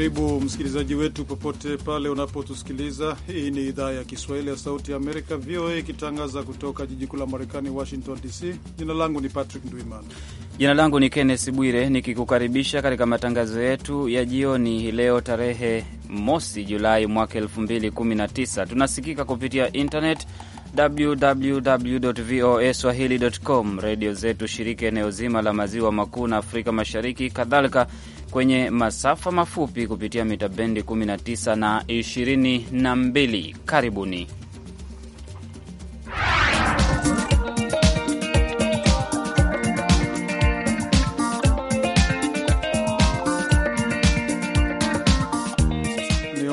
Karibu msikilizaji wetu popote pale unapotusikiliza. Hii ni idhaa ya Kiswahili ya Sauti ya Amerika, VOA, ikitangaza kutoka jiji kuu la Marekani, Washington DC. Jina langu ni Patrick Ndwiman. Jina langu ni Kenneth Bwire, nikikukaribisha katika matangazo yetu ya jioni leo tarehe mosi Julai mwaka 2019. Tunasikika kupitia internet www.voaswahili.com, redio zetu shirika eneo zima la maziwa makuu na Afrika Mashariki, kadhalika kwenye masafa mafupi kupitia mita bendi 19 na 22. Karibuni.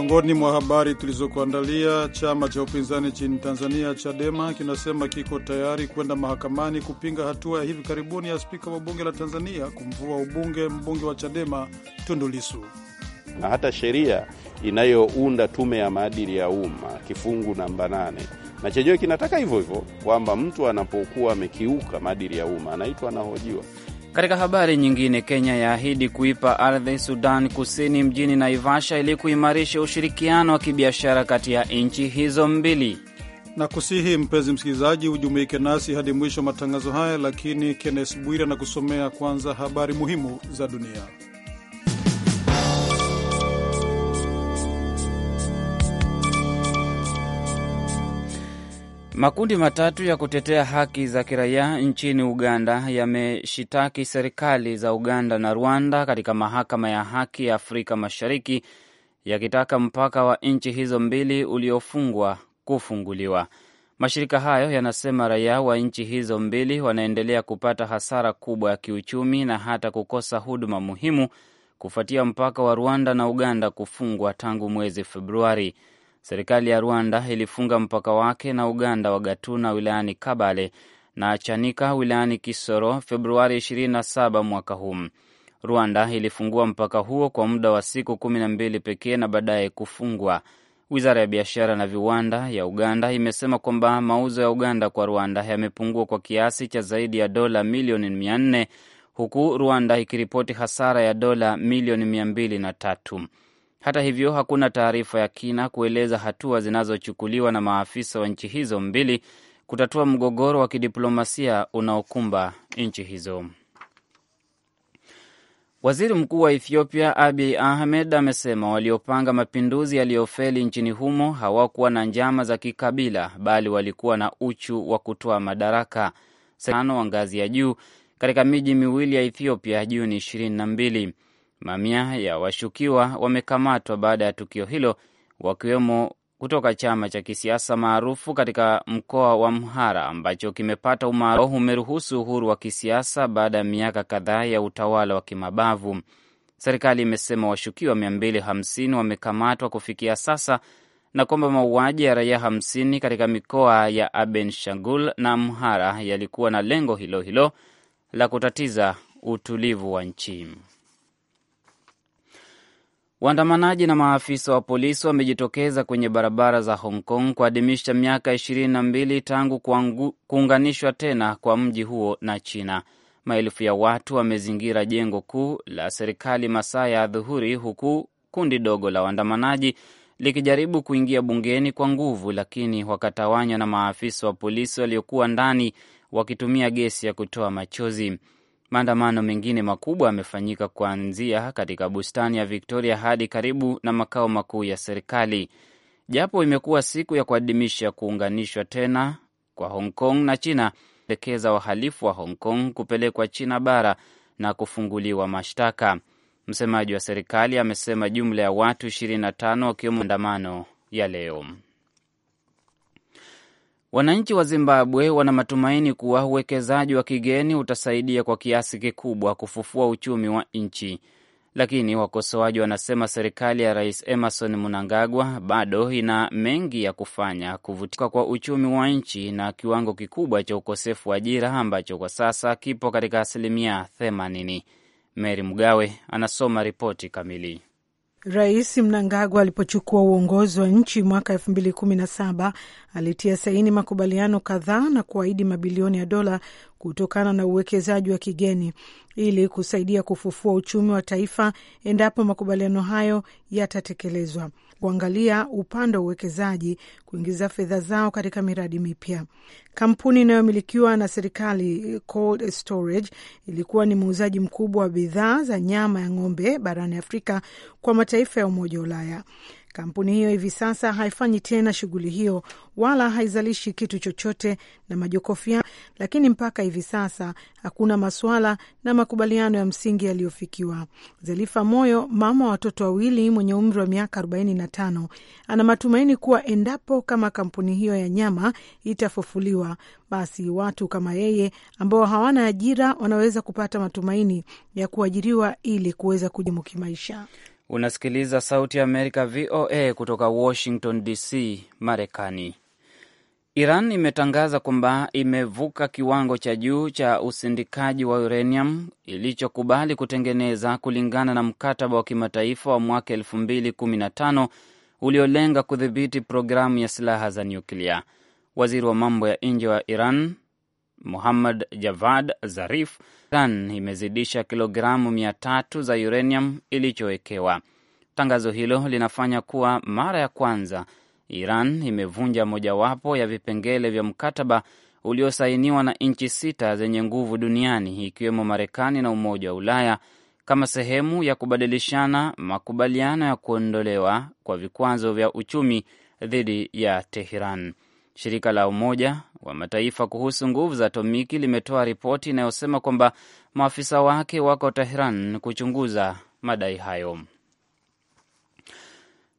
Miongoni mwa habari tulizokuandalia, chama cha upinzani nchini Tanzania Chadema kinasema kiko tayari kwenda mahakamani kupinga hatua ya hivi karibuni ya spika wa bunge la Tanzania kumvua ubunge mbunge wa Chadema tundulisu Na hata sheria inayounda tume ya maadili ya umma kifungu namba nane na chenyewe kinataka hivyo hivyo kwamba mtu anapokuwa amekiuka maadili ya umma anaitwa anahojiwa. Katika habari nyingine, Kenya yaahidi kuipa ardhi Sudan Kusini mjini Naivasha ili kuimarisha ushirikiano wa kibiashara kati ya nchi hizo mbili. Na kusihi mpenzi msikilizaji hujumuike nasi hadi mwisho matangazo haya, lakini Kennes Bwire anakusomea kwanza habari muhimu za dunia. Makundi matatu ya kutetea haki za kiraia nchini Uganda yameshitaki serikali za Uganda na Rwanda katika mahakama ya haki ya Afrika Mashariki yakitaka mpaka wa nchi hizo mbili uliofungwa kufunguliwa. Mashirika hayo yanasema raia wa nchi hizo mbili wanaendelea kupata hasara kubwa ya kiuchumi na hata kukosa huduma muhimu kufuatia mpaka wa Rwanda na Uganda kufungwa tangu mwezi Februari. Serikali ya Rwanda ilifunga mpaka wake na Uganda wa Gatuna wilayani Kabale na Chanika wilayani Kisoro Februari 27 mwaka huu. Rwanda ilifungua mpaka huo kwa muda wa siku kumi na mbili pekee na baadaye kufungwa. Wizara ya biashara na viwanda ya Uganda imesema kwamba mauzo ya Uganda kwa Rwanda yamepungua kwa kiasi cha zaidi ya dola milioni mia nne huku Rwanda ikiripoti hasara ya dola milioni mia mbili na tatu. Hata hivyo, hakuna taarifa ya kina kueleza hatua zinazochukuliwa na maafisa wa nchi hizo mbili kutatua mgogoro wa kidiplomasia unaokumba nchi hizo. Waziri Mkuu wa Ethiopia Abiy Ahmed amesema waliopanga mapinduzi yaliyofeli nchini humo hawakuwa na njama za kikabila, bali walikuwa na uchu wa kutoa madaraka. wa ngazi ya juu katika miji miwili ya Ethiopia Juni ishirini na mbili. Mamia ya washukiwa wamekamatwa baada ya tukio hilo, wakiwemo kutoka chama cha kisiasa maarufu katika mkoa wa Mhara ambacho kimepata umaarufu umeruhusu uhuru wa kisiasa baada ya miaka kadhaa ya utawala wa kimabavu. Serikali imesema washukiwa 250 wamekamatwa kufikia sasa na kwamba mauaji ya raia 50 katika mikoa ya Aben Shangul na Mhara yalikuwa na lengo hilo hilo la kutatiza utulivu wa nchi. Waandamanaji na maafisa wa polisi wamejitokeza kwenye barabara za Hong Kong kuadhimisha miaka ishirini na mbili tangu kuunganishwa tena kwa mji huo na China. Maelfu ya watu wamezingira jengo kuu la serikali masaa ya adhuhuri, huku kundi dogo la waandamanaji likijaribu kuingia bungeni kwa nguvu, lakini wakatawanywa na maafisa wa polisi waliokuwa ndani wakitumia gesi ya kutoa machozi. Maandamano mengine makubwa yamefanyika kuanzia katika bustani ya Victoria hadi karibu na makao makuu ya serikali. Japo imekuwa siku ya kuadhimisha kuunganishwa tena kwa Hong Kong na China, elekeza wahalifu wa Hong Kong kupelekwa China bara na kufunguliwa mashtaka. Msemaji wa serikali amesema jumla ya watu 25 wakiwemo maandamano ya leo. Wananchi wa Zimbabwe wana matumaini kuwa uwekezaji wa kigeni utasaidia kwa kiasi kikubwa kufufua uchumi wa nchi, lakini wakosoaji wanasema serikali ya Rais Emerson Mnangagwa bado ina mengi ya kufanya kuvutika kwa uchumi wa nchi na kiwango kikubwa cha ukosefu wa ajira ambacho kwa sasa kipo katika asilimia 80. Mary Mgawe anasoma ripoti kamili. Rais Mnangagwa alipochukua uongozi wa nchi mwaka elfu mbili kumi na saba alitia saini makubaliano kadhaa na kuahidi mabilioni ya dola kutokana na uwekezaji wa kigeni ili kusaidia kufufua uchumi wa taifa endapo makubaliano hayo yatatekelezwa kuangalia upande wa uwekezaji kuingiza fedha zao katika miradi mipya. Kampuni inayomilikiwa na serikali Cold Storage ilikuwa ni muuzaji mkubwa wa bidhaa za nyama ya ng'ombe barani Afrika kwa mataifa ya Umoja wa Ulaya. Kampuni hiyo hivi sasa haifanyi tena shughuli hiyo wala haizalishi kitu chochote na majokofu yao, lakini mpaka hivi sasa hakuna masuala na makubaliano ya msingi yaliyofikiwa. Zelifa Moyo, mama wa watoto wawili mwenye umri wa miaka 45, ana matumaini kuwa endapo kama kampuni hiyo ya nyama itafufuliwa, basi watu kama yeye ambao hawana ajira wanaweza kupata matumaini ya kuajiriwa ili kuweza kujimu kimaisha. Unasikiliza Sauti ya Amerika, VOA, kutoka Washington DC, Marekani. Iran imetangaza kwamba imevuka kiwango cha juu cha usindikaji wa uranium ilichokubali kutengeneza kulingana na mkataba wa kimataifa wa mwaka 2015 uliolenga kudhibiti programu ya silaha za nyuklia. Waziri wa mambo ya nje wa Iran Muhammad Javad Zarif, Iran imezidisha kilogramu mia tatu za uranium ilichowekewa. Tangazo hilo linafanya kuwa mara ya kwanza Iran imevunja mojawapo ya vipengele vya mkataba uliosainiwa na nchi sita zenye nguvu duniani ikiwemo Marekani na Umoja wa Ulaya kama sehemu ya kubadilishana makubaliano ya kuondolewa kwa vikwazo vya uchumi dhidi ya Teheran. Shirika la Umoja wa Mataifa kuhusu nguvu za atomiki limetoa ripoti inayosema kwamba maafisa wake wako Tehran kuchunguza madai hayo.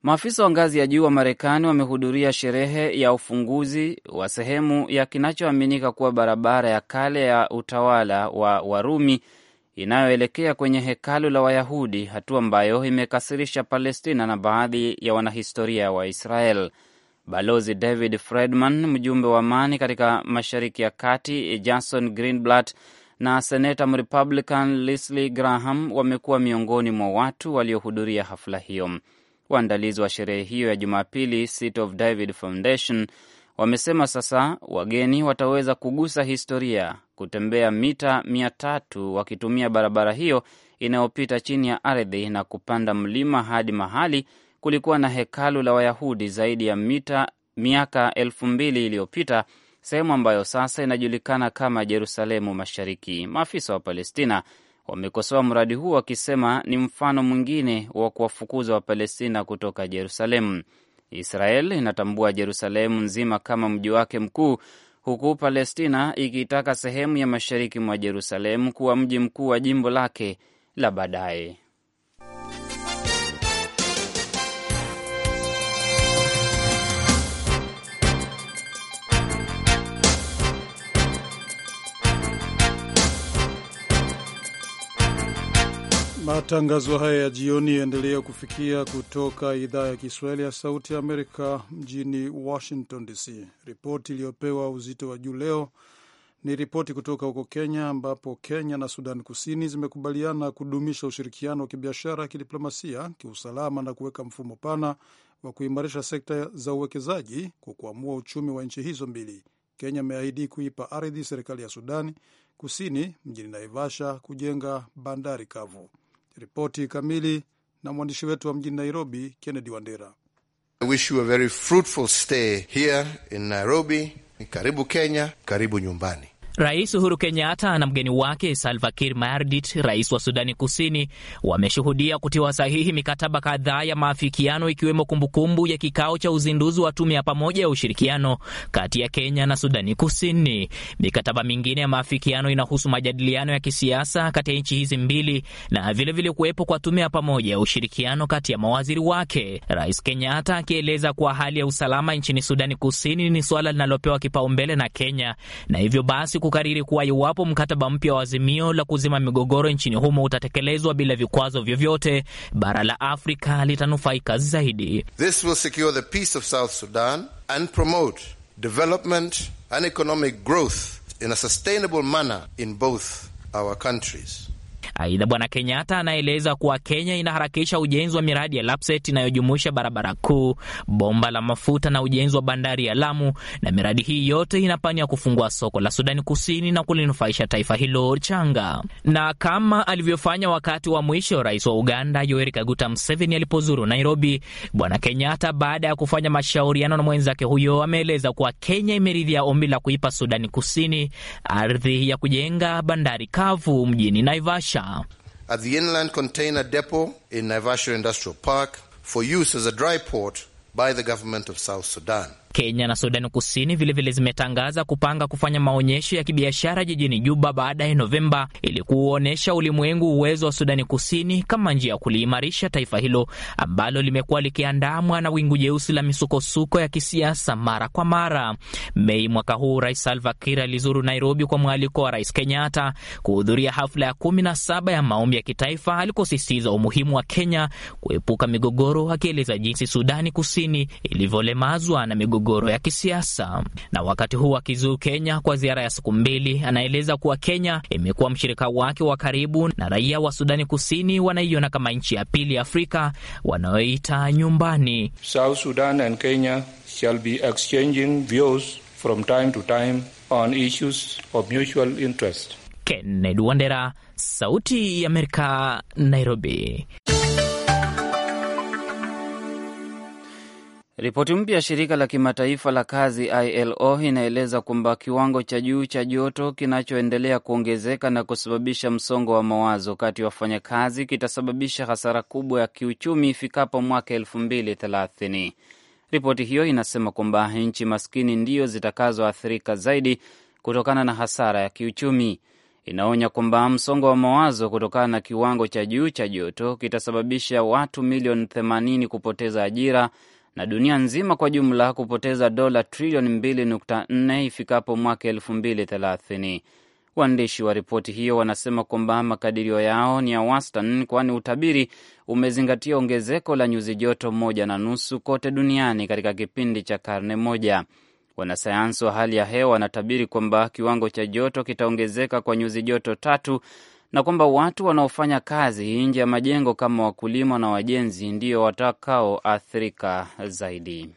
Maafisa wa ngazi ya juu wa Marekani wamehudhuria sherehe ya ufunguzi wa sehemu ya kinachoaminika kuwa barabara ya kale ya utawala wa Warumi inayoelekea kwenye hekalu la Wayahudi, hatua ambayo imekasirisha Palestina na baadhi ya wanahistoria wa Israel. Balozi David fredman mjumbe wa amani katika Mashariki ya Kati Jason Greenblatt na seneta Mrepublican Lindsey Graham wamekuwa miongoni mwa watu waliohudhuria hafla hiyo. Waandalizi wa sherehe hiyo ya Jumapili, Seat of David Foundation, wamesema sasa wageni wataweza kugusa historia, kutembea mita mia tatu wakitumia barabara hiyo inayopita chini ya ardhi na kupanda mlima hadi mahali kulikuwa na hekalu la Wayahudi zaidi ya mita miaka elfu mbili iliyopita, sehemu ambayo sasa inajulikana kama Jerusalemu Mashariki. Maafisa wa Palestina wamekosoa mradi huu wakisema ni mfano mwingine wa kuwafukuza Wapalestina kutoka Jerusalemu. Israel inatambua Jerusalemu nzima kama mji wake mkuu, huku Palestina ikiitaka sehemu ya mashariki mwa Jerusalemu kuwa mji mkuu wa jimbo lake la baadaye. Matangazo haya ya jioni yaendelea kufikia kutoka idhaa ya Kiswahili ya Sauti ya Amerika mjini Washington DC. Ripoti iliyopewa uzito wa juu leo ni ripoti kutoka huko Kenya, ambapo Kenya na Sudan Kusini zimekubaliana kudumisha ushirikiano wa kibiashara, kidiplomasia, kiusalama na kuweka mfumo pana wa kuimarisha sekta za uwekezaji kwa kuamua uchumi wa nchi hizo mbili. Kenya imeahidi kuipa ardhi serikali ya sudani Kusini mjini Naivasha kujenga bandari kavu. Ripoti kamili na mwandishi wetu wa mjini Nairobi, Kennedy Wandera. I wish you a very fruitful stay here in Nairobi. Karibu Kenya, karibu nyumbani. Rais Uhuru Kenyatta na mgeni wake Salva Kiir Mayardit, rais wa Sudani Kusini, wameshuhudia kutiwa sahihi mikataba kadhaa ya maafikiano, ikiwemo kumbukumbu ya kikao cha uzinduzi wa tume ya pamoja ya ushirikiano kati ya Kenya na Sudani Kusini. Mikataba mingine ya maafikiano inahusu majadiliano ya kisiasa kati ya nchi hizi mbili na vilevile vile kuwepo kwa tume ya pamoja ya ushirikiano kati ya mawaziri wake, Rais Kenyatta akieleza kuwa hali ya usalama nchini Sudani Kusini ni suala linalopewa kipaumbele na Kenya na hivyo basi kukariri kuwa iwapo mkataba mpya wa azimio la kuzima migogoro nchini humo utatekelezwa bila vikwazo vyovyote, bara la Afrika litanufaika zaidi. This will secure the peace of South Sudan and promote development and economic growth in a sustainable manner in both our countries. Aidha, Bwana Kenyatta anaeleza kuwa Kenya inaharakisha ujenzi wa miradi ya LAPSET inayojumuisha barabara kuu, bomba la mafuta na ujenzi wa bandari ya Lamu, na miradi hii yote inapania kufungua soko la Sudani Kusini na kulinufaisha taifa hilo changa, na kama alivyofanya wakati wa mwisho rais wa Uganda Yoweri Kaguta Museveni alipozuru Nairobi, Bwana Kenyatta baada ya kufanya mashauriano na mwenzake huyo ameeleza kuwa Kenya imeridhia ombi la kuipa Sudani Kusini ardhi ya kujenga bandari kavu mjini Naivasha. At the inland container depot in Naivasha Industrial Park for use as a dry port by the government of South Sudan. Kenya na Sudani Kusini vilevile vile zimetangaza kupanga kufanya maonyesho ya kibiashara jijini Juba baadaye Novemba ili kuuonyesha ulimwengu uwezo wa Sudani Kusini kama njia ya kuliimarisha taifa hilo ambalo limekuwa likiandamwa na wingu jeusi la misukosuko ya kisiasa mara kwa mara. Mei mwaka huu, Rais Salva Kiir alizuru Nairobi kwa mwaliko wa Rais Kenyatta kuhudhuria hafla ya kumi na saba ya maombi ya kitaifa alikosisitiza umuhimu wa Kenya kuepuka migogoro, akieleza jinsi Sudani Kusini ilivyolemazwa na migogoro migogoro ya kisiasa. Na wakati huu akizuru Kenya kwa ziara ya siku mbili, anaeleza kuwa Kenya imekuwa mshirika wake wa karibu na raia wa Sudani Kusini wanaiona kama nchi ya pili ya Afrika wanayoita nyumbani. South Sudan and Kenya shall be exchanging views from time to time on issues of mutual interest. Kennedy Wandera, Sauti ya Amerika, Nairobi. Ripoti mpya ya shirika la kimataifa la kazi ILO inaeleza kwamba kiwango cha juu cha joto kinachoendelea kuongezeka na kusababisha msongo wa mawazo kati ya wafanyakazi kitasababisha hasara kubwa ya kiuchumi ifikapo mwaka elfu mbili thelathini. Ripoti hiyo inasema kwamba nchi maskini ndiyo zitakazoathirika zaidi kutokana na hasara ya kiuchumi. Inaonya kwamba msongo wa mawazo kutokana na kiwango cha juu cha joto kitasababisha watu milioni 80 kupoteza ajira na dunia nzima kwa jumla kupoteza dola trilioni 2.4 ifikapo mwaka 2030. Waandishi wa ripoti hiyo wanasema kwamba makadirio yao ni ya wastani, kwani utabiri umezingatia ongezeko la nyuzi joto moja na nusu kote duniani katika kipindi cha karne moja. Wanasayansi wa hali ya hewa wanatabiri kwamba kiwango cha joto kitaongezeka kwa nyuzi joto tatu na kwamba watu wanaofanya kazi nje ya majengo kama wakulima na wajenzi ndio watakaoathirika zaidi.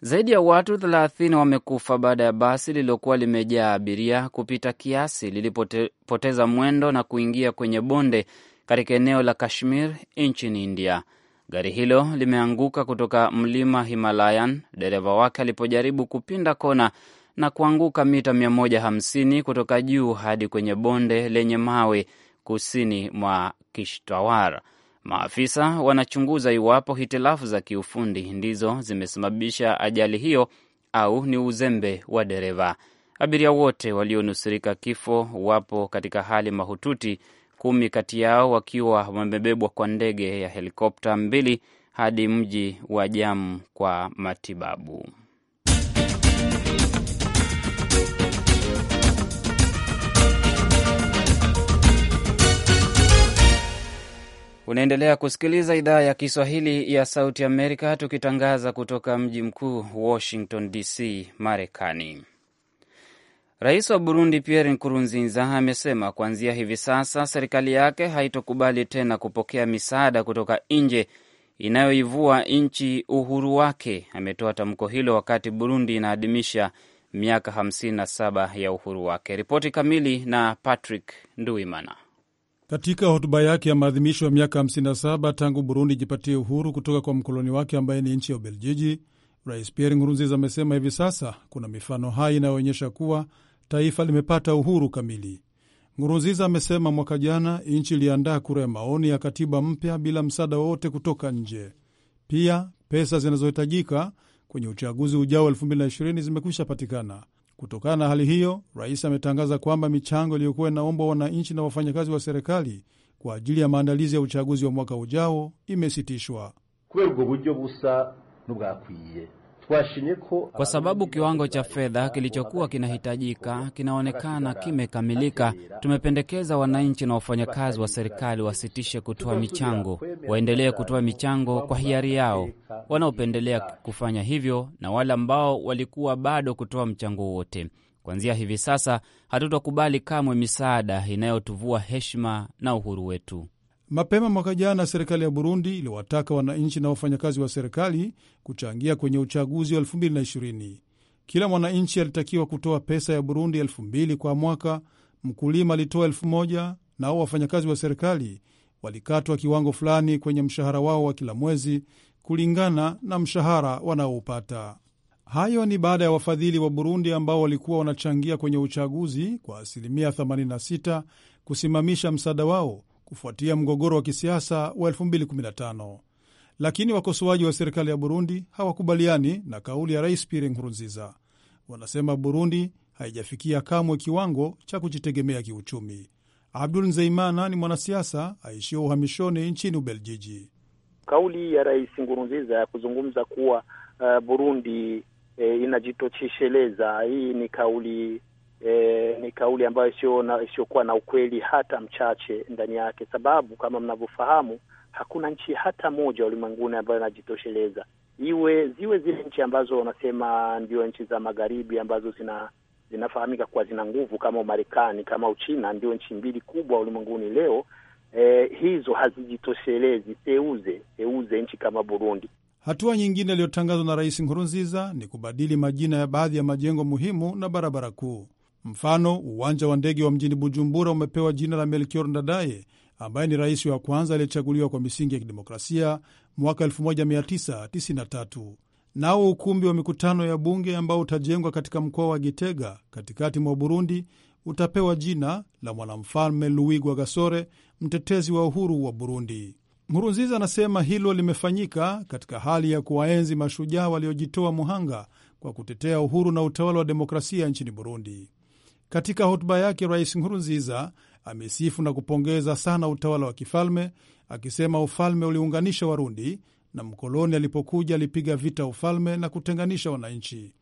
Zaidi ya watu 30 wamekufa baada ya basi lililokuwa limejaa abiria kupita kiasi lilipoteza mwendo na kuingia kwenye bonde katika eneo la Kashmir nchini India. Gari hilo limeanguka kutoka mlima Himalayan dereva wake alipojaribu kupinda kona na kuanguka mita 150 kutoka juu hadi kwenye bonde lenye mawe kusini mwa Kishtawar. Maafisa wanachunguza iwapo hitilafu za kiufundi ndizo zimesababisha ajali hiyo au ni uzembe wa dereva. Abiria wote walionusurika kifo wapo katika hali mahututi, kumi kati yao wakiwa wamebebwa kwa ndege ya helikopta mbili hadi mji wa Jamu kwa matibabu. Unaendelea kusikiliza idhaa ya Kiswahili ya Sauti Amerika, tukitangaza kutoka mji mkuu Washington DC, Marekani. Rais wa Burundi Pierre Nkurunziza amesema kuanzia hivi sasa serikali yake haitokubali tena kupokea misaada kutoka nje inayoivua nchi uhuru wake. Ametoa tamko hilo wakati Burundi inaadhimisha miaka 57 ya uhuru wake. Ripoti kamili na Patrick Nduimana. Katika hotuba yake ya maadhimisho ya miaka 57 tangu Burundi ijipatie uhuru kutoka kwa mkoloni wake ambaye ni nchi ya Ubeljiji, Rais Pierre Nkurunziza amesema hivi sasa kuna mifano hai inayoonyesha kuwa taifa limepata uhuru kamili. Nkurunziza amesema mwaka jana nchi iliandaa kura ya maoni ya katiba mpya bila msaada wowote kutoka nje. Pia pesa zinazohitajika kwenye uchaguzi ujao 2020 zimekwisha patikana. Kutokana na hali hiyo, rais ametangaza kwamba michango iliyokuwa inaombwa wananchi na wafanyakazi wa serikali kwa ajili ya maandalizi ya uchaguzi wa mwaka ujao imesitishwa. kubera ubwo buryo busa nubwakwiye kwa sababu kiwango cha fedha kilichokuwa kinahitajika kinaonekana kimekamilika. Tumependekeza wananchi na wafanyakazi wa serikali wasitishe kutoa michango, waendelee kutoa michango kwa hiari yao, wanaopendelea kufanya hivyo na wale ambao walikuwa bado kutoa mchango wote. Kuanzia hivi sasa, hatutakubali kamwe misaada inayotuvua heshima na uhuru wetu. Mapema mwaka jana, serikali ya Burundi iliwataka wananchi na wafanyakazi wa serikali kuchangia kwenye uchaguzi wa 2020. Kila mwananchi alitakiwa kutoa pesa ya Burundi 20 kwa mwaka, mkulima alitoa 1 nao wafanyakazi wa serikali walikatwa kiwango fulani kwenye mshahara wao wa kila mwezi kulingana na mshahara wanaoupata. Hayo ni baada ya wafadhili wa Burundi ambao walikuwa wanachangia kwenye uchaguzi kwa asilimia 86 kusimamisha msaada wao kufuatia mgogoro wa kisiasa wa 2015 lakini wakosoaji wa serikali ya Burundi hawakubaliani na kauli ya Rais Pierre Nkurunziza. Wanasema Burundi haijafikia kamwe kiwango cha kujitegemea kiuchumi. Abdul Nzeimana ni mwanasiasa aishio uhamishoni nchini Ubeljiji. Kauli ya Rais Nkurunziza ya kuzungumza kuwa uh, Burundi eh, inajitosheleza, hii ni kauli E, ni kauli ambayo isiyokuwa na ukweli hata mchache ndani yake, sababu kama mnavyofahamu hakuna nchi hata moja ulimwenguni ambayo inajitosheleza, iwe ziwe zile nchi ambazo wanasema ndio nchi za magharibi ambazo zina zinafahamika kuwa zina nguvu kama Umarekani kama Uchina, ndio nchi mbili kubwa ulimwenguni leo. E, hizo hazijitoshelezi, seuze seuze nchi kama Burundi. Hatua nyingine iliyotangazwa na Rais Nkurunziza ni kubadili majina ya baadhi ya majengo muhimu na barabara kuu. Mfano, uwanja wa ndege wa mjini Bujumbura umepewa jina la Melkior Ndadaye ambaye ni rais wa kwanza aliyechaguliwa kwa misingi ya kidemokrasia mwaka 1993. Nao ukumbi wa mikutano ya bunge ambao utajengwa katika mkoa wa Gitega katikati mwa Burundi utapewa jina la mwanamfalme Louis gwagasore mtetezi wa uhuru wa Burundi. Nkurunziza anasema hilo limefanyika katika hali ya kuwaenzi mashujaa waliojitoa muhanga kwa kutetea uhuru na utawala wa demokrasia nchini Burundi. Katika hotuba yake, Rais Nkurunziza amesifu na kupongeza sana utawala wa kifalme akisema ufalme uliunganisha Warundi na mkoloni alipokuja alipiga vita ufalme na kutenganisha wananchi.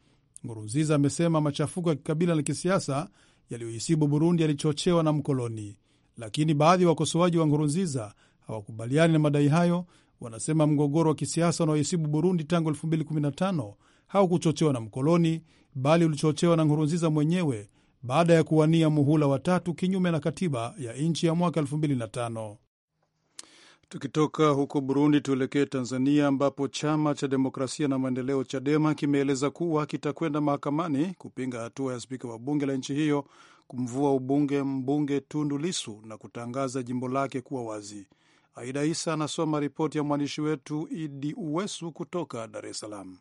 Nkurunziza amesema machafuko ya kikabila na kisiasa yaliyoisibu Burundi yalichochewa na mkoloni, lakini baadhi ya wakosoaji wa Nkurunziza hawakubaliani na madai hayo. Wanasema mgogoro wa kisiasa unaoisibu Burundi tangu 2015 haukuchochewa na mkoloni, bali ulichochewa na Nkurunziza mwenyewe baada ya kuwania muhula watatu kinyume na katiba ya nchi ya mwaka 2005. Tukitoka huko Burundi tuelekee Tanzania, ambapo chama cha demokrasia na maendeleo CHADEMA kimeeleza kuwa kitakwenda mahakamani kupinga hatua ya spika wa bunge la nchi hiyo kumvua ubunge mbunge Tundu Lisu na kutangaza jimbo lake kuwa wazi. Aida Isa anasoma ripoti ya mwandishi wetu Idi Uwesu kutoka Dar es Salaam.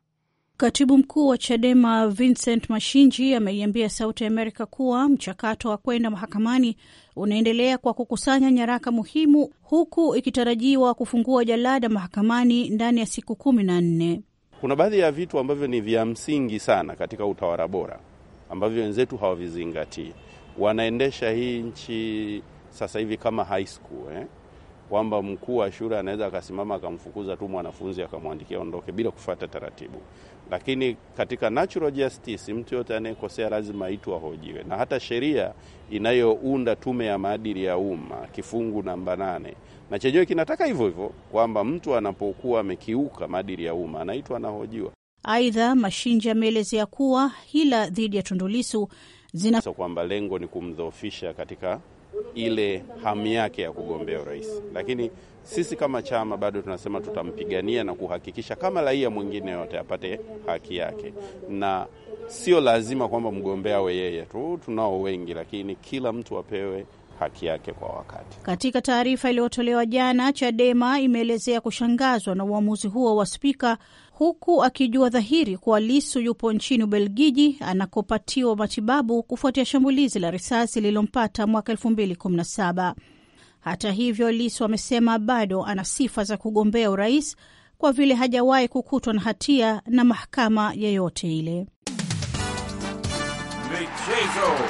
Katibu mkuu wa Chadema Vincent Mashinji ameiambia Sauti ya Amerika kuwa mchakato wa kwenda mahakamani unaendelea kwa kukusanya nyaraka muhimu, huku ikitarajiwa kufungua jalada mahakamani ndani ya siku kumi na nne. Kuna baadhi ya vitu ambavyo ni vya msingi sana katika utawala bora ambavyo wenzetu hawavizingatii. Wanaendesha hii nchi sasa hivi kama high school, eh? kwamba mkuu wa shule anaweza akasimama akamfukuza tu mwanafunzi akamwandikia ondoke bila kufata taratibu. Lakini katika natural justice, mtu yote anayekosea lazima aitwa ahojiwe, na hata sheria inayounda tume ya maadili ya umma kifungu namba nane na chenyewe kinataka hivyo hivyo kwamba mtu anapokuwa amekiuka maadili ya umma anaitwa anahojiwa. Aidha, Mashinji ameelezea kuwa hila dhidi ya Tundulisu zina kwamba lengo ni kumdhoofisha katika ile hamu yake ya kugombea urais, lakini sisi kama chama bado tunasema tutampigania na kuhakikisha kama raia mwingine yote apate haki yake, na sio lazima kwamba mgombea awe yeye tu, tunao wengi, lakini kila mtu apewe haki yake kwa wakati. Katika taarifa iliyotolewa jana, Chadema imeelezea kushangazwa na uamuzi huo wa spika huku akijua dhahiri kuwa Lisu yupo nchini Ubelgiji anakopatiwa matibabu kufuatia shambulizi la risasi lililompata mwaka 2017. Hata hivyo, Lisu amesema bado ana sifa za kugombea urais kwa vile hajawahi kukutwa na hatia na mahakama yeyote ile. Michezo.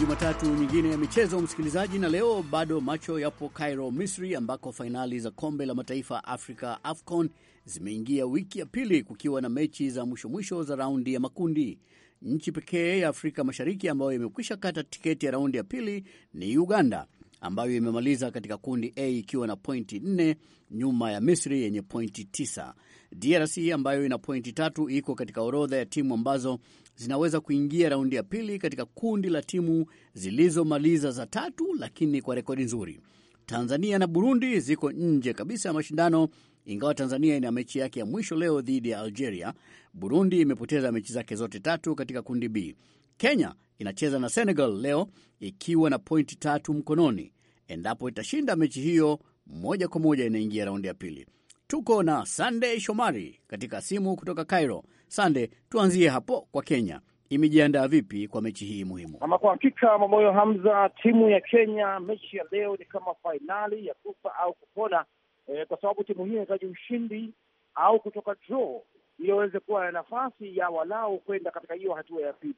Jumatatu nyingine ya michezo, msikilizaji, na leo bado macho yapo Cairo, Misri, ambako fainali za kombe la mataifa Afrika AFCON zimeingia wiki ya pili kukiwa na mechi za mwisho mwisho za raundi ya makundi. Nchi pekee ya Afrika Mashariki ambayo imekwisha kata tiketi ya raundi ya pili ni Uganda ambayo imemaliza katika kundi A ikiwa na pointi 4 nyuma ya Misri yenye pointi 9. DRC ambayo ina pointi tatu iko katika orodha ya timu ambazo zinaweza kuingia raundi ya pili katika kundi la timu zilizomaliza za tatu, lakini kwa rekodi nzuri. Tanzania na Burundi ziko nje kabisa ya mashindano, ingawa Tanzania ina mechi yake ya mwisho leo dhidi ya Algeria. Burundi imepoteza mechi zake zote tatu katika kundi B. Kenya inacheza na Senegal leo ikiwa na pointi tatu mkononi. Endapo itashinda mechi hiyo, moja kwa moja inaingia raundi ya pili. Tuko na sandey Shomari katika simu kutoka Cairo. Sande, tuanzie hapo kwa Kenya imejiandaa vipi kwa mechi hii muhimu? Ama kwa hakika, Mamoyo Hamza, timu ya Kenya, mechi ya leo ni kama fainali ya kufa au kupona e, kwa sababu timu hii inahitaji ushindi au kutoka draw ili waweze kuwa na nafasi ya walau kwenda katika hiyo hatua ya pili.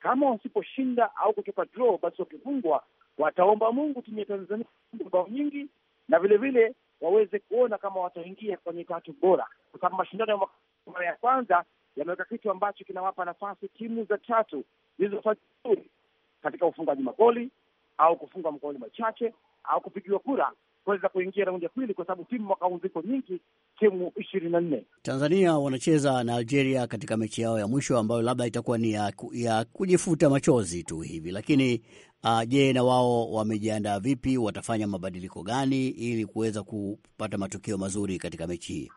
Kama wasiposhinda au kutoka draw, basi wakifungwa wataomba Mungu timu ya Tanzania bao nyingi, na vilevile vile waweze kuona kama wataingia kwenye tatu bora, kwa sababu mashindano ya mara ya kwanza yameweka kitu ambacho kinawapa nafasi timu za tatu zilizofanya vizuri katika ufungaji magoli au kufunga magoli machache au kupigiwa kura kuweza kuingia raundi ya pili, kwa sababu timu mwaka huu ziko nyingi, timu ishirini na nne. Tanzania wanacheza na Algeria katika mechi yao ya mwisho ambayo labda itakuwa ni ya, ya kujifuta machozi tu hivi, lakini uh, je, na wao wamejiandaa vipi? Watafanya mabadiliko gani ili kuweza kupata matokeo mazuri katika mechi hii?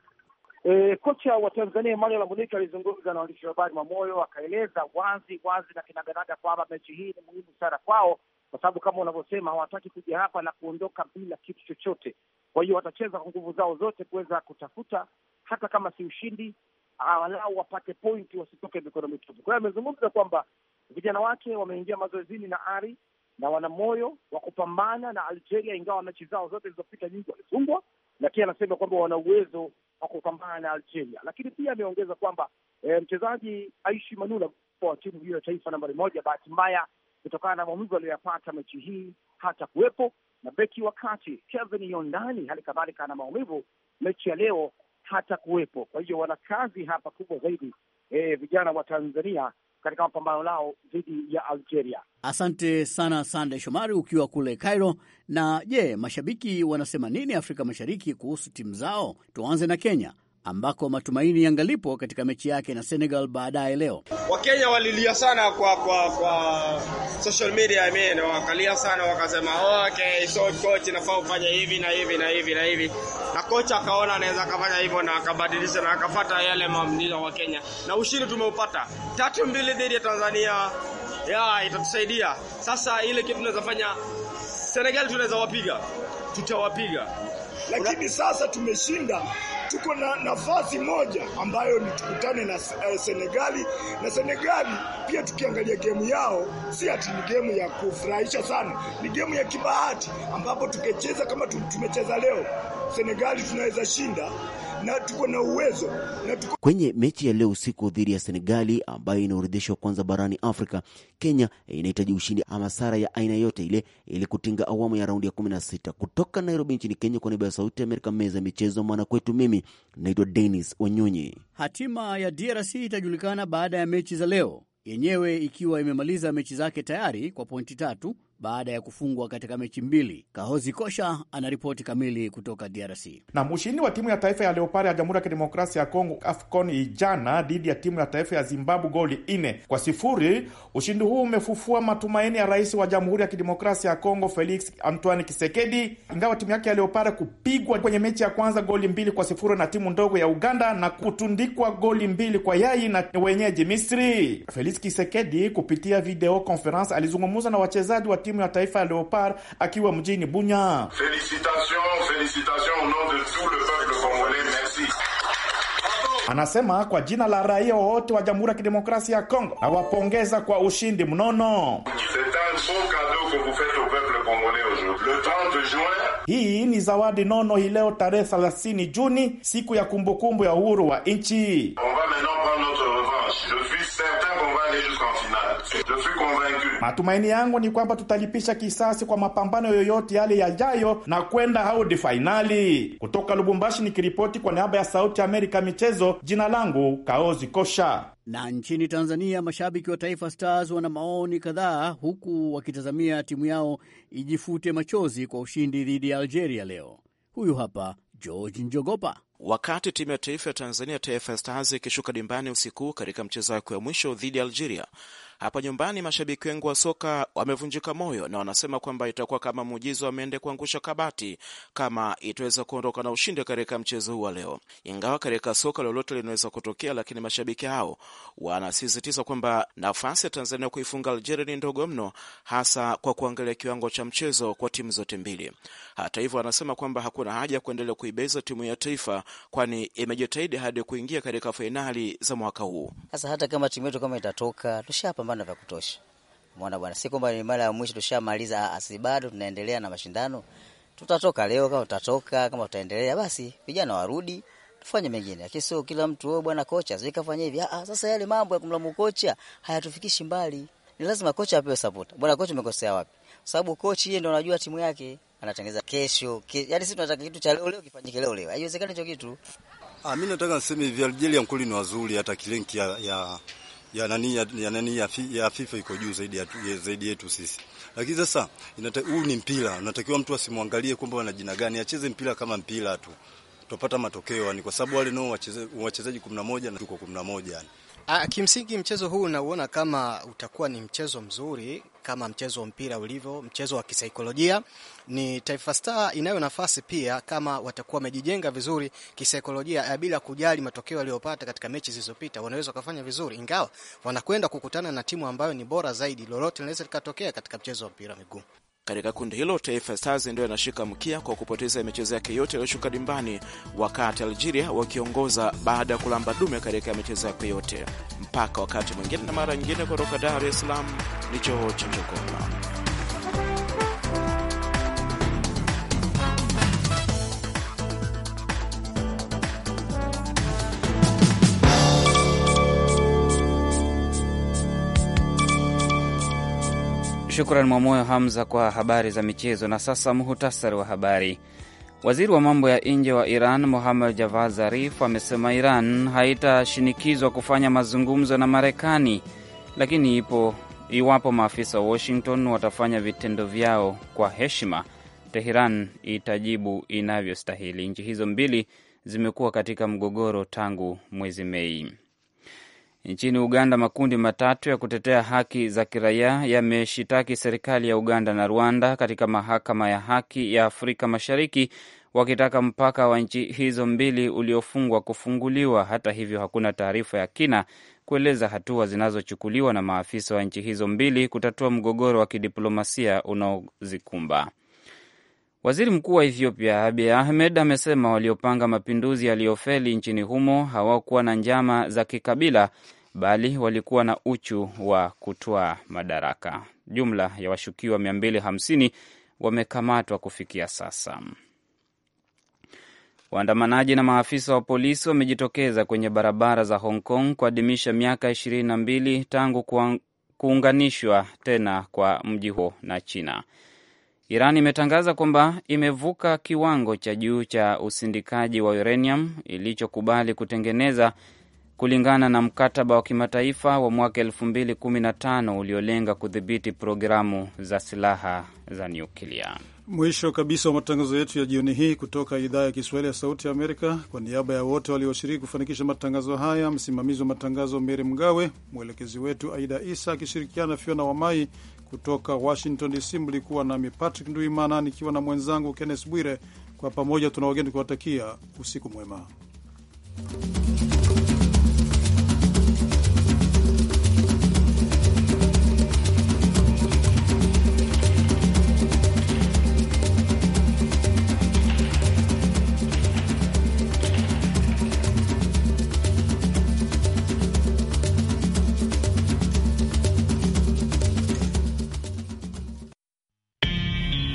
E, kocha wa Tanzania Emmanuel Amunike alizungumza na waandishi wa habari Mamoyo, akaeleza wazi wazi na kinaganaga kwamba mechi hii ni muhimu sana kwao, kwa sababu kama unavyosema hawataki kuja hapa na kuondoka bila kitu chochote. Kwa hiyo watacheza kwa nguvu zao zote kuweza kutafuta hata kama si ushindi, walau wapate pointi, wasitoke mikono mitupu. Kwa hiyo amezungumza kwamba vijana wake wameingia mazoezini na ari na wana moyo wa kupambana na Algeria, ingawa mechi zao zote zilizopita nyingi walifungwa na pia anasema kwamba wana uwezo wa kupambana na Algeria, lakini pia ameongeza kwamba e, mchezaji Aishi Manula wa timu hiyo ya taifa nambari moja, bahati mbaya kutokana na maumivu aliyoyapata mechi hii hata kuwepo, na beki wa kati Kevin Yondani hali kadhalika ana maumivu mechi ya leo hata kuwepo. Kwa hiyo wana kazi hapa kubwa zaidi e, vijana wa Tanzania katika mapambano lao dhidi ya Algeria. Asante sana Sande Shomari ukiwa kule Cairo. Na je, mashabiki wanasema nini Afrika Mashariki kuhusu timu zao? Tuanze na Kenya ambako matumaini yangalipo katika mechi yake na Senegal baadaye leo. Wakenya walilia sana kwa kwa kwa social media, I mean, wakalia sana wakasema, oh, okay, so coach nafaa ufanye hivi na hivi na hivi na hivi, na kocha akaona anaweza akafanya hivyo na akabadilisha na akafuata yale mamlilo wa Kenya, na ushindi tumeupata tatu mbili dhidi ya Tanzania. Ya, itatusaidia sasa. Ile kitu tunaweza fanya Senegal, tunaweza wapiga, tutawapiga, lakini sasa tumeshinda tuko na nafasi moja ambayo ni tukutane na uh, Senegali na Senegali pia, tukiangalia gemu yao si ati ni gemu ya kufurahisha sana, ni gemu ya kibahati ambapo tukecheza kama tumecheza leo Senegali tunaweza shinda na tuko na uwezo na tuko... Kwenye mechi ya leo usiku dhidi ya Senegali ambayo inaorodheshwa kwanza barani Afrika, Kenya inahitaji ushindi ama sara ya aina yote ile ili kutinga awamu ya raundi ya 16. Kutoka Nairobi nchini Kenya, kwa niaba ya Sauti ya Amerika, meza ya michezo mwana kwetu, mimi naitwa Dennis Wanyonyi. Hatima ya DRC itajulikana baada ya mechi za leo, yenyewe ikiwa imemaliza mechi zake tayari kwa pointi tatu baada ya kufungwa katika mechi mbili. Kahozi Kosha anaripoti kamili kutoka DRC. Na ushindi wa timu ya taifa ya Leopard ya Jamhuri ya Kidemokrasia ya Kongo AFCON ijana dhidi ya timu ya taifa ya Zimbabwe goli nne kwa sifuri. Ushindi huu umefufua matumaini ya rais wa Jamhuri ya Kidemokrasia ya Kongo Felix Antoine Kisekedi, ingawa timu yake ya Leopard kupigwa kwenye mechi ya kwanza goli mbili kwa sifuri na timu ndogo ya Uganda na kutundikwa goli mbili kwa yai na wenyeji Misri. Felix Kisekedi kupitia video conference alizungumza na wachezaji wa timu ya taifa ya Leopard akiwa mjini Bunya. Felicitations, felicitations au nom de tout le peuple congolais, merci. Anasema kwa jina la raia wote wa Jamhuri ya Kidemokrasia ya Kongo nawapongeza kwa ushindi mnono. Hii ni zawadi nono hii leo tarehe 30 Juni, siku ya kumbukumbu ya uhuru wa nchi. Matumaini yangu ni kwamba tutalipisha kisasi kwa mapambano yoyote yale yajayo na kwenda haudi fainali. Kutoka Lubumbashi nikiripoti kwa niaba ya Sauti ya Amerika michezo, jina langu Kaozi Kosha. Na nchini Tanzania, mashabiki wa Taifa Stars wana maoni kadhaa, huku wakitazamia timu yao ijifute machozi kwa ushindi dhidi ya Algeria leo. Huyu hapa George Njogopa. Wakati timu ya taifa ya Tanzania, Taifa Stars, ikishuka dimbani usiku katika mchezo wake wa mwisho dhidi ya Algeria, hapa nyumbani mashabiki wengi wa soka wamevunjika moyo na wanasema kwamba itakuwa kama mujizo ameende kuangusha kabati kama itaweza kuondoka na ushindi katika mchezo huu wa leo. Ingawa katika soka lolote linaweza kutokea, lakini mashabiki hao wanasisitiza kwamba nafasi ya Tanzania kuifunga Algeria ni ndogo mno, hasa kwa kuangalia kiwango cha mchezo kwa timu zote mbili. Hata hivyo, wanasema kwamba hakuna haja ya kuendelea kuibeza timu ya taifa, kwani imejitahidi hadi kuingia katika fainali za mwaka huu. Sasa hata kama timu yetu kama itatoka mapambano vya kutosha. Umeona bwana, si kwamba ni mara ya mwisho tushamaliza, asi ah, ah, bado tunaendelea na mashindano. Tutatoka leo kama tutatoka, kama tutaendelea, basi vijana warudi tufanye mengine, lakini sio kila mtu wewe bwana kocha sio kafanya hivi. Ah, ah, sasa yale mambo ya kumlamu kocha hayatufikishi mbali. Ni lazima kocha apewe support. Bwana kocha, umekosea wapi? Sababu kocha yeye ndo anajua timu yake, anatengeneza kesho. Ke, yaani sisi tunataka kitu cha leo leo kifanyike leo leo, haiwezekani hicho kitu. Ah, mimi nataka niseme hivi, Algeria kweli ni wazuri, hata kilenki ya, ya ya nani ya, ya, nani ya, fi, ya FIFA iko juu zaidi ya, zaidi yetu sisi. Lakini sasa huu ni mpira, unatakiwa mtu asimwangalie kwamba wana jina gani, acheze mpira kama mpira tu, tupata matokeo, ni kwa sababu wale nao wachezaji 11 na tuko 11 yani Ah, kimsingi mchezo huu unauona kama utakuwa ni mchezo mzuri kama mchezo wa mpira ulivyo, mchezo wa kisaikolojia. Ni Taifa Star inayo nafasi pia, kama watakuwa wamejijenga vizuri kisaikolojia, eh, bila kujali matokeo yaliyopata katika mechi zilizopita, wanaweza wakafanya vizuri, ingawa wanakwenda kukutana na timu ambayo ni bora zaidi. Lolote linaweza likatokea katika mchezo wa mpira miguu. Katika kundi hilo Taifa Stars ndio inashika mkia kwa kupoteza michezo yake yote iliyoshuka dimbani, wakati Algeria wakiongoza baada ya kulamba dume katika michezo yake yote. Mpaka wakati mwingine na mara nyingine, kutoka Dar es Salaam ni George Njogopa. Shukran Mwamoyo Hamza kwa habari za michezo. Na sasa muhutasari wa habari. Waziri wa mambo ya nje wa Iran Mohammad Javad Zarif amesema Iran haitashinikizwa kufanya mazungumzo na Marekani, lakini ipo iwapo maafisa wa Washington watafanya vitendo vyao kwa heshima, Teheran itajibu inavyostahili. Nchi hizo mbili zimekuwa katika mgogoro tangu mwezi Mei. Nchini Uganda, makundi matatu ya kutetea haki za kiraia yameshitaki serikali ya Uganda na Rwanda katika mahakama ya haki ya Afrika Mashariki wakitaka mpaka wa nchi hizo mbili uliofungwa kufunguliwa. Hata hivyo, hakuna taarifa ya kina kueleza hatua zinazochukuliwa na maafisa wa nchi hizo mbili kutatua mgogoro wa kidiplomasia unaozikumba. Waziri mkuu wa Ethiopia Abiy Ahmed amesema waliopanga mapinduzi yaliyofeli nchini humo hawakuwa na njama za kikabila, bali walikuwa na uchu wa kutoa madaraka. Jumla ya washukiwa 250 wamekamatwa kufikia sasa. Waandamanaji na maafisa wa polisi wamejitokeza kwenye barabara za Hong Kong kuadhimisha miaka 22 tangu kuunganishwa tena kwa mji huo na China. Iran imetangaza kwamba imevuka kiwango cha juu cha usindikaji wa uranium ilichokubali kutengeneza kulingana na mkataba wa kimataifa wa mwaka 2015 uliolenga kudhibiti programu za silaha za nyuklia. Mwisho kabisa wa matangazo yetu ya jioni hii kutoka idhaa ya Kiswahili ya Sauti ya Amerika. Kwa niaba ya wote walioshiriki kufanikisha matangazo haya, msimamizi wa matangazo Meri Mgawe, mwelekezi wetu Aida Isa akishirikiana Fiona Wamai. Kutoka Washington DC mlikuwa nami Patrick Nduimana nikiwa na mwenzangu Kenneth Bwire. Kwa pamoja tuna wageni kuwatakia usiku mwema.